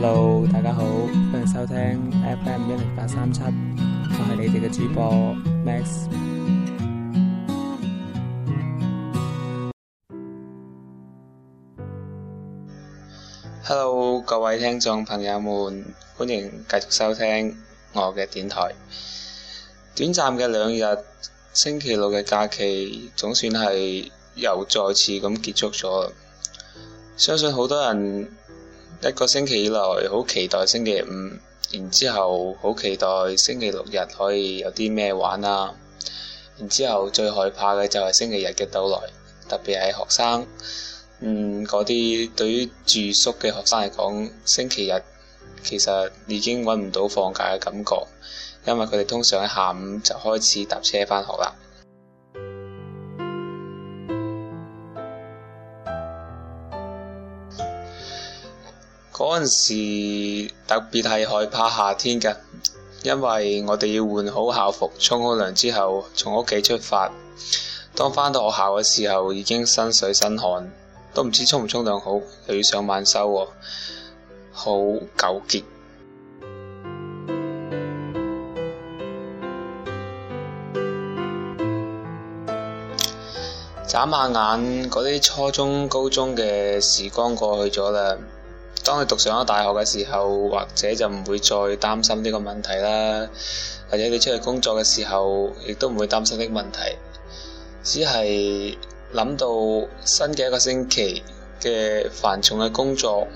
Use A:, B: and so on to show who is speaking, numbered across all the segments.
A: hello，大家好，歡迎收聽 FM 一零八三七，我係你哋嘅主播 Max。hello，各位聽眾朋友們，歡迎繼續收聽我嘅電台。短暫嘅兩日，星期六嘅假期總算係又再次咁結束咗。相信好多人。一個星期以來，好期待星期五，然之後好期待星期六日可以有啲咩玩啊。然之後最害怕嘅就係星期日嘅到來，特別係學生，嗯、嗰啲對於住宿嘅學生嚟講，星期日其實已經搵唔到放假嘅感覺，因為佢哋通常喺下午就開始搭車返學啦。嗰陣時特別係害怕夏天㗎，因為我哋要換好校服、沖好涼之後，從屋企出發。當返到學校嘅時候，已經身水身汗，都唔知沖唔沖涼好，又要上晚修喎，哦，好糾結。 眨下眼，嗰啲初中、高中嘅時光過去咗啦。當你讀上咗大學嘅時候，或者就唔會再擔心呢個問題啦；或者你出去工作嘅時候，亦都唔會擔心呢個問題。只係諗到新嘅一個星期嘅繁重嘅工作，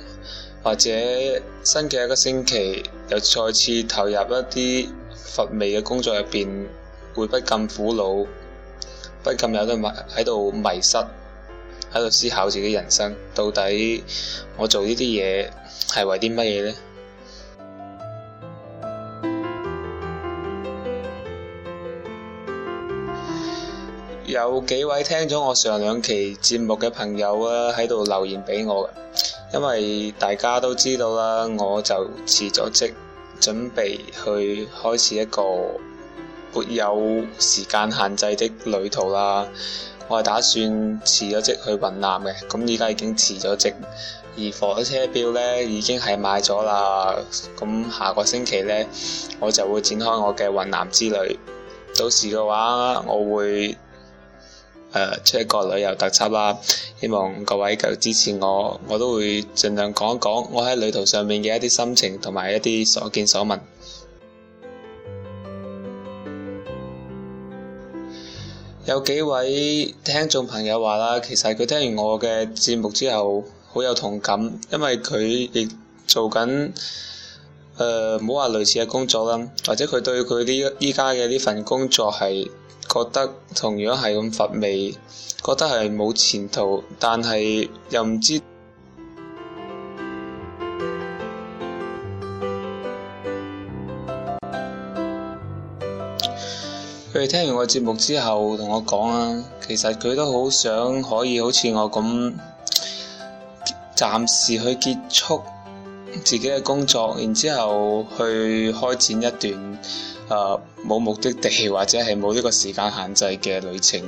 A: 或者新嘅一個星期又再次投入一啲乏味嘅工作入邊，會不禁苦惱，不禁有啲迷喺度迷失。喺度思考自己人生，到底我做呢啲嘢係為啲乜嘢呢？ 有幾位聽咗我上兩期節目嘅朋友啊，喺度留言俾我，因為大家都知道啦，我就辭咗職，準備去開始一個沒有時間限制的旅途啦。我係打算辭咗職去雲南嘅，咁而家已經辭咗職，而火車票呢已經係買咗啦。咁下個星期呢，我就會展開我嘅雲南之旅。到時嘅話，我會誒出一個旅遊特輯啦。希望各位繼續支持我，我都會盡量講一講我喺旅途上面嘅一啲心情同埋一啲所見所聞。有幾位聽眾朋友話啦，其實佢聽完我嘅節目之後，好有同感，因為佢亦做緊誒，唔好話類似嘅工作啦，或者佢對佢呢依家嘅呢份工作係覺得同樣係咁乏味，覺得係冇前途，但係又唔知。佢聽完我節目之後，同我講啊，其實佢都好想可以好似我咁，暫時去結束自己嘅工作，然之後去開展一段誒，冇目的地或者係冇呢個時間限制嘅旅程，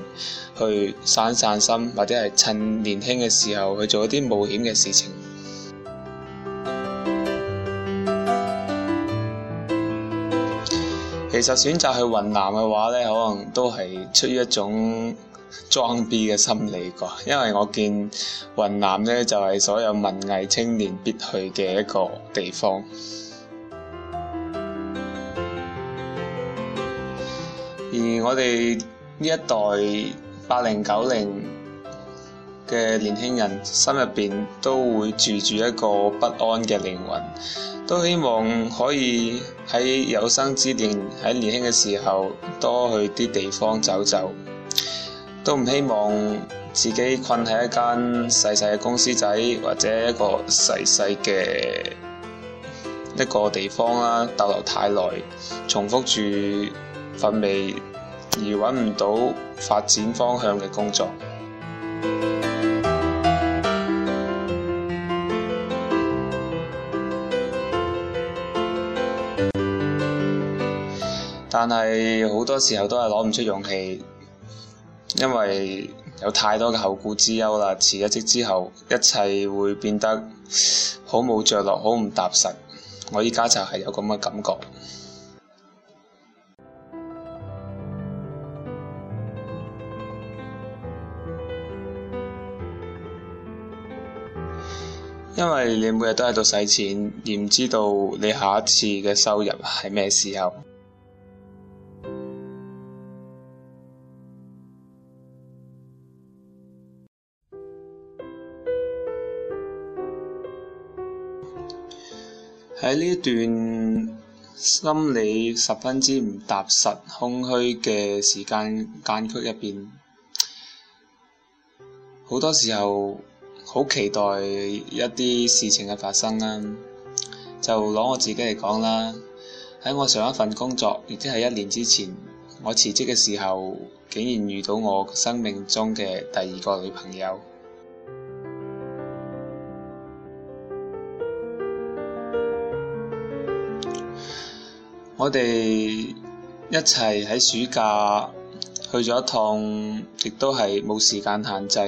A: 去散散心，或者係趁年輕嘅時候去做一啲冒險嘅事情。其實選擇去雲南嘅話咧，可能都係出於一種裝逼嘅心理啩，因為我見雲南咧就係所有文藝青年必去嘅一個地方。而我哋呢一代八零九零嘅年輕人，心入面都會住住一個不安嘅靈魂。都希望可以喺有生之年喺年輕嘅時候多去啲地方走走，都唔希望自己困喺一間細細嘅公司仔或者一個細細嘅一個地方啦，啊，逗留太耐，重複住份味，而揾唔到發展方向嘅工作。但係好多時候都係攞唔出勇氣，因為有太多嘅後顧之憂啦。辭咗職之後，一切會變得好冇着落，好唔踏實。我而家就係有咁嘅感覺， 因為你每日都喺度使錢，而唔知道你下一次嘅收入係咩時候。喺呢段心理十分之唔踏實、空虛嘅時間間區入邊，好多時候好期待一啲事情嘅發生啦。就攞我自己嚟講啦，喺我上一份工作，亦即係一年之前，我辭職嘅時候，竟然遇到我生命中嘅第二個女朋友。我哋一齊喺暑假去咗一趟，亦都係冇時間限制、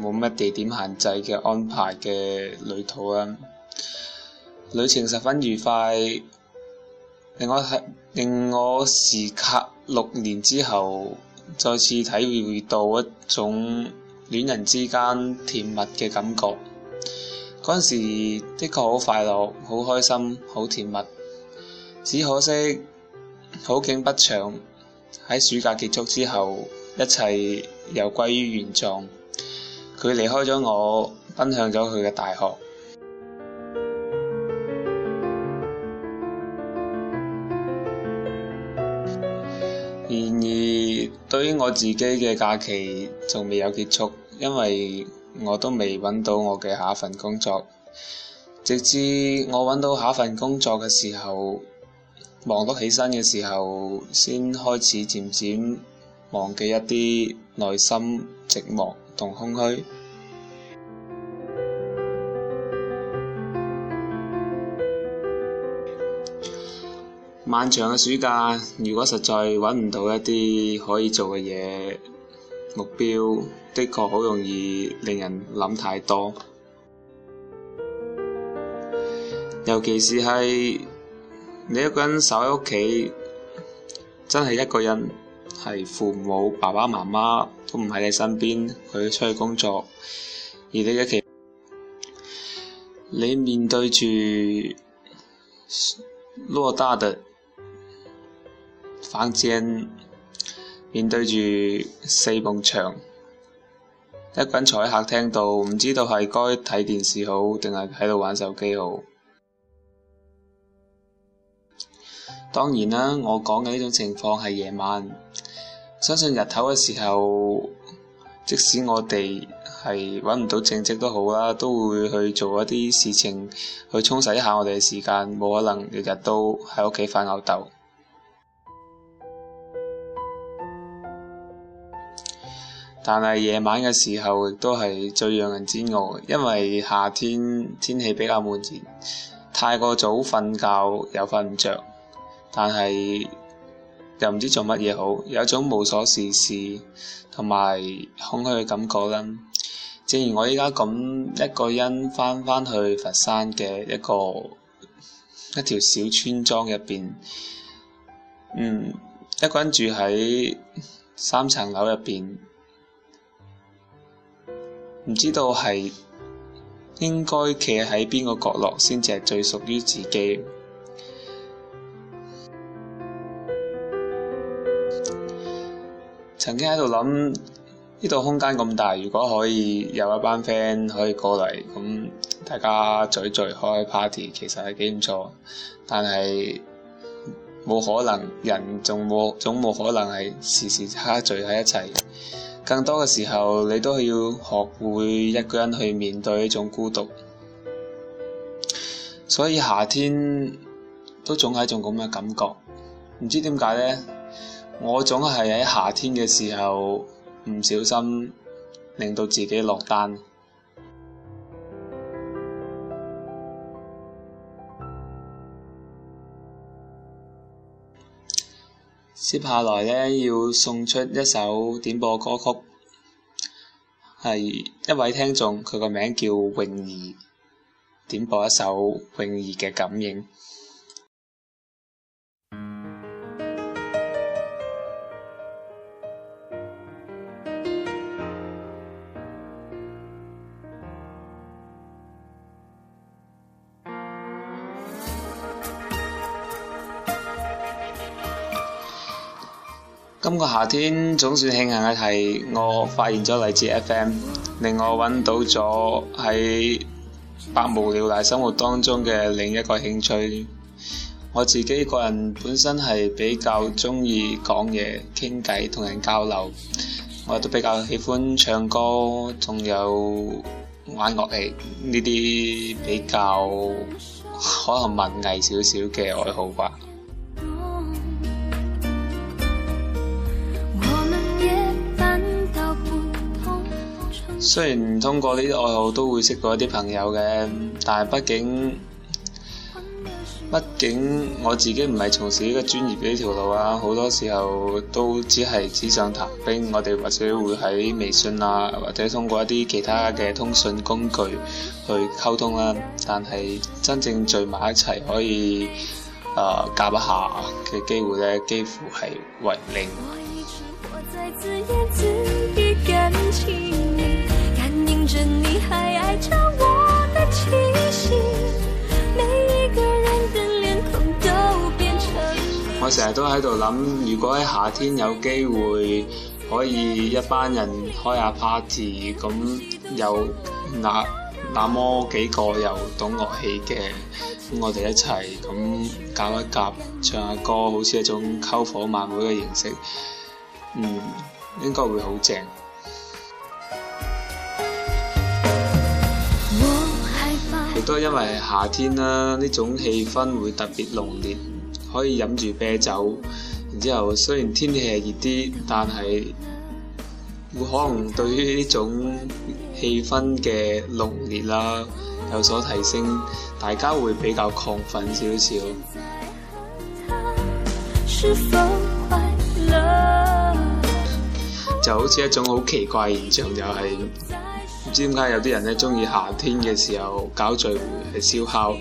A: 冇乜地點限制嘅安排嘅旅途啦。旅程十分愉快，令我係令我時隔六年之後再次體會到一種戀人之間甜蜜嘅感覺。嗰陣時的確好快樂、好開心、好甜蜜。只可惜好景不長，喺暑假結束之後，一切又歸於原狀。佢離開咗我，奔向咗佢嘅大學。然而，對於我自己嘅假期仲未有結束，因為我都未揾到我嘅下工作。直至我揾到下工作嘅時候。忙得起身嘅時候，先開始漸漸忘記一啲內心寂寞同空虛。漫長嘅暑假，如果實在揾唔到一啲可以做嘅嘢，目標的確好容易令人諗太多，尤其是喺，你一個人守喺屋企，真係一個人，係父母、爸爸媽媽都唔喺你身邊，佢出去工作，而你一企，你面對住偌大的房間，面對住四埲牆，一個人坐喺客廳度，唔知道係該睇電視好，定係喺度玩手機好。當然啦，我講嘅呢種情況係夜晚。相信日頭嘅時候，即使我哋係揾唔到正職都好啦，都會去做一啲事情去充實一下我哋嘅時間，冇可能日日都喺屋企發吽哣。但係夜晚嘅時候，亦都係最讓人煎熬，因為夏天天氣比較悶熱，太過早瞓覺又瞓唔着。但係又唔知做乜嘢好，有一種無所事事同埋空虛嘅感覺啦。正如我依家咁一個人翻返去佛山嘅一個一條小村莊入邊，嗯，一個人住喺三層樓入邊，唔知道係應該企喺邊個角落先至係最屬於自己。曾經喺度諗，呢度空間咁大，如果可以有一班 friend 可以過嚟，咁大家聚聚開 party 其實係幾唔錯。但係冇可能，人仲冇總冇可能係時時刻刻聚喺一齊。更多嘅時候，你都要學會一個人去面對一種孤獨。所以夏天都總係一種咁嘅感覺，唔知點解呢。我總係喺夏天嘅時候唔小心令到自己落單。接下來呢，要送出一首點播歌曲，係一位聽眾，佢個名叫泳兒，點播一首泳兒嘅《感應》。夏天總算慶幸嘅係，我發現咗荔枝 FM，令我揾到咗喺百無聊賴生活當中嘅另一個興趣。我自己個人本身係比較中意講嘢、傾偈、同人交流，我都比較喜歡唱歌，仲有玩樂器呢啲比較可能文藝少少嘅愛好吧。雖然通過呢啲愛好都會識到一啲朋友嘅，但係畢竟畢竟我自己唔係從事呢個專業呢條路啊，好多時候都只係紙上談兵。我哋或者會喺微信啊，或者通過一啲其他嘅通訊工具去溝通啦、啊，但係真正聚埋一齊可以誒夾、呃、一下嘅機會咧，幾乎係為零。我成日都喺度諗，如果喺夏天有機會可以一班人開下 party，咁有那那麼幾個又懂樂器嘅，咁我哋一齊咁夾一夾唱下歌，好似一種篝火晚會嘅形式，嗯，應該會好正。亦都係因為夏天啦，呢種氣氛會特別濃烈。可以飲住啤酒，然之後雖然天氣係熱啲，但係會可能對於呢種氣氛嘅濃烈啦、啊、有所提升，大家會比較亢奮少少。就好似一種好奇怪現象，就是，就係唔知點解有啲人咧鍾意夏天嘅時候搞聚會係燒烤。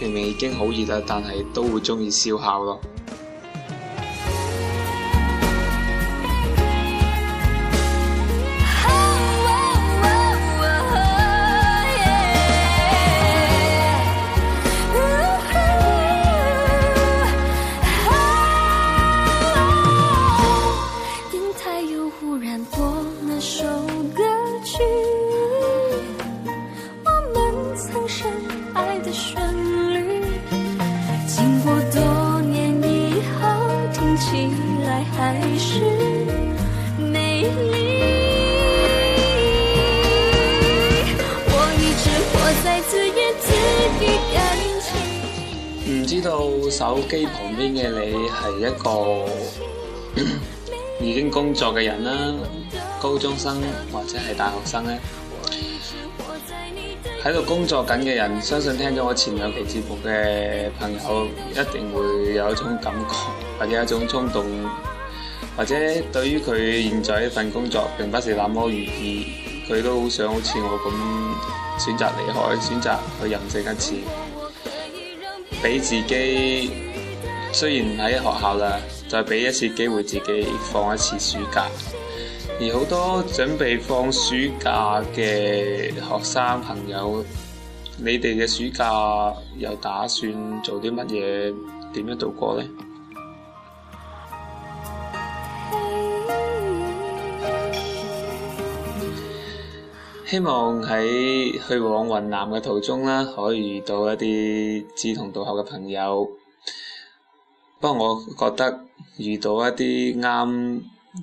A: 明明已經好熱啦，但係都會鍾意燒烤咯。手機旁邊嘅你係一個 已經工作嘅人啦、啊，高中生或者係大學生呢。喺度工作緊嘅人，相信聽咗我前兩期節目嘅朋友，一定會有一種感覺或者一種衝動，或者對於佢現在呢份工作並不是那麼如意，佢都好想好似我咁選擇離開，選擇去任性一次。俾自己雖然喺學校啦，就俾一次機會自己放一次暑假。而好多準備放暑假嘅學生朋友，你哋嘅暑假又打算做啲乜嘢？點樣度過咧？希望喺去往雲南嘅途中啦，可以遇到一啲志同道合嘅朋友。不過我覺得遇到一啲啱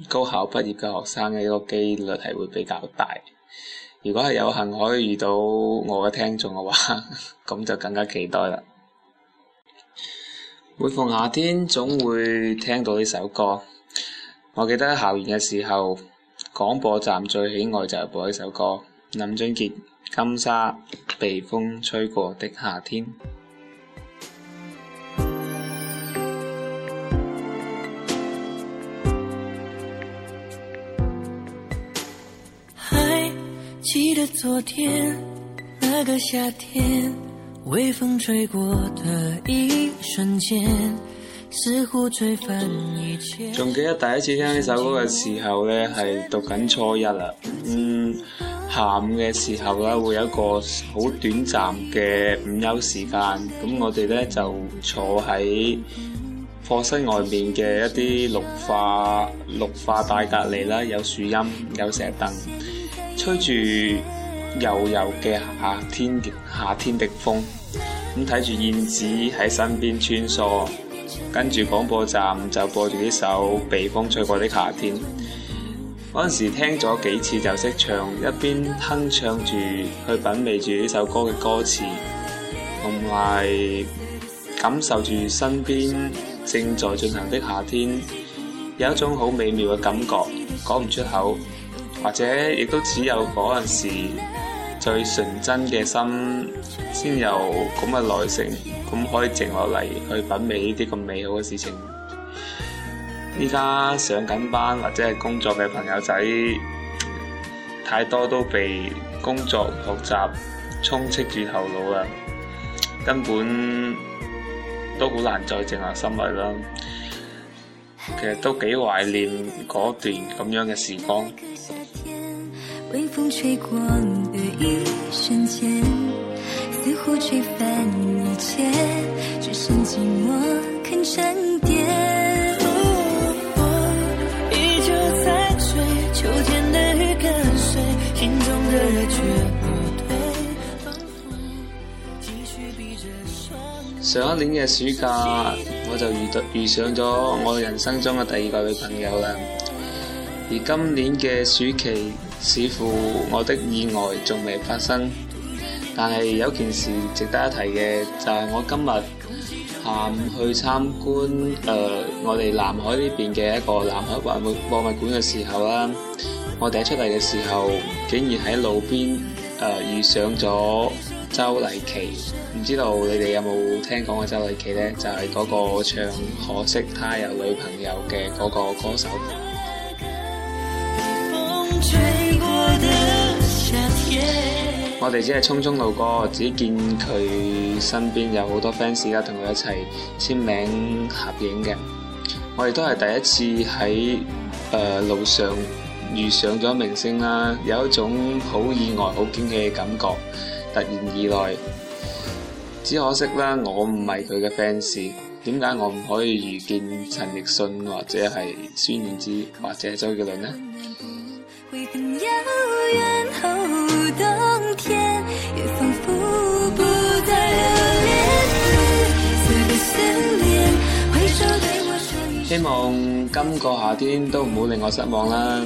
A: 高考畢業嘅學生嘅呢個幾率係會比較大。如果係有幸可以遇到我嘅聽眾嘅話，咁 就更加期待啦。每逢夏天，總會聽到呢首歌。我記得校園嘅時候，廣播站最喜愛就係播呢首歌。林俊傑《金沙被風吹過的夏天，》 還記得昨天那個夏天，微風吹過的一瞬間，似乎吹翻一切。仲 記得第一次聽呢首歌嘅時候呢，係 讀緊初一啦。 嗯。下午嘅時候啦，會有一個好短暫嘅午休時間，咁我哋咧就坐喺課室外面嘅一啲綠化綠化帶隔籬啦，有樹蔭，有石凳，吹住柔柔嘅夏天夏天的風，咁睇住燕子喺身邊穿梭，跟住廣播站就播住呢首被風吹過的夏天。嗰陣時聽咗幾次就識唱，一邊哼唱住去品味住呢首歌嘅歌詞，同埋感受住身邊正在進行的夏天，有一種好美妙嘅感覺，講唔出口，或者亦都只有嗰陣時最純真嘅心，先有咁嘅耐性，咁可以靜落嚟去品味呢啲咁美好嘅事情。依家上緊班或者係工作嘅朋友仔太多都被工作學習充斥住頭腦啦，根本都好難再靜下心嚟啦。其實都幾懷念嗰段咁樣嘅時光。上一年嘅暑假，我就遇到遇上咗我人生中嘅第二個女朋友啦。而今年嘅暑期，似乎我的意外仲未發生，但係有件事值得一提嘅，就係、是、我今日下午去參觀誒、呃、我哋南海呢邊嘅一個南海文物博物館嘅時候啦，我哋一出嚟嘅時候，竟然喺路邊誒、呃、遇上咗。周麗淇，唔知道你哋有冇聽講過周麗淇呢，就係、是、嗰個唱《可惜他有女朋友》嘅嗰個歌手。 我哋只係匆匆路過，只見佢身邊有好多 fans 啦，同佢一齊簽名合影嘅。我哋都係第一次喺誒、呃、路上遇上咗明星啦，有一種好意外、好驚喜嘅感覺。突然而來，只可惜啦，我唔係佢嘅 fans，點解我唔可以遇見陳奕迅或者係孫燕姿或者周杰倫呢？ 希望今個夏天都唔好令我失望啦。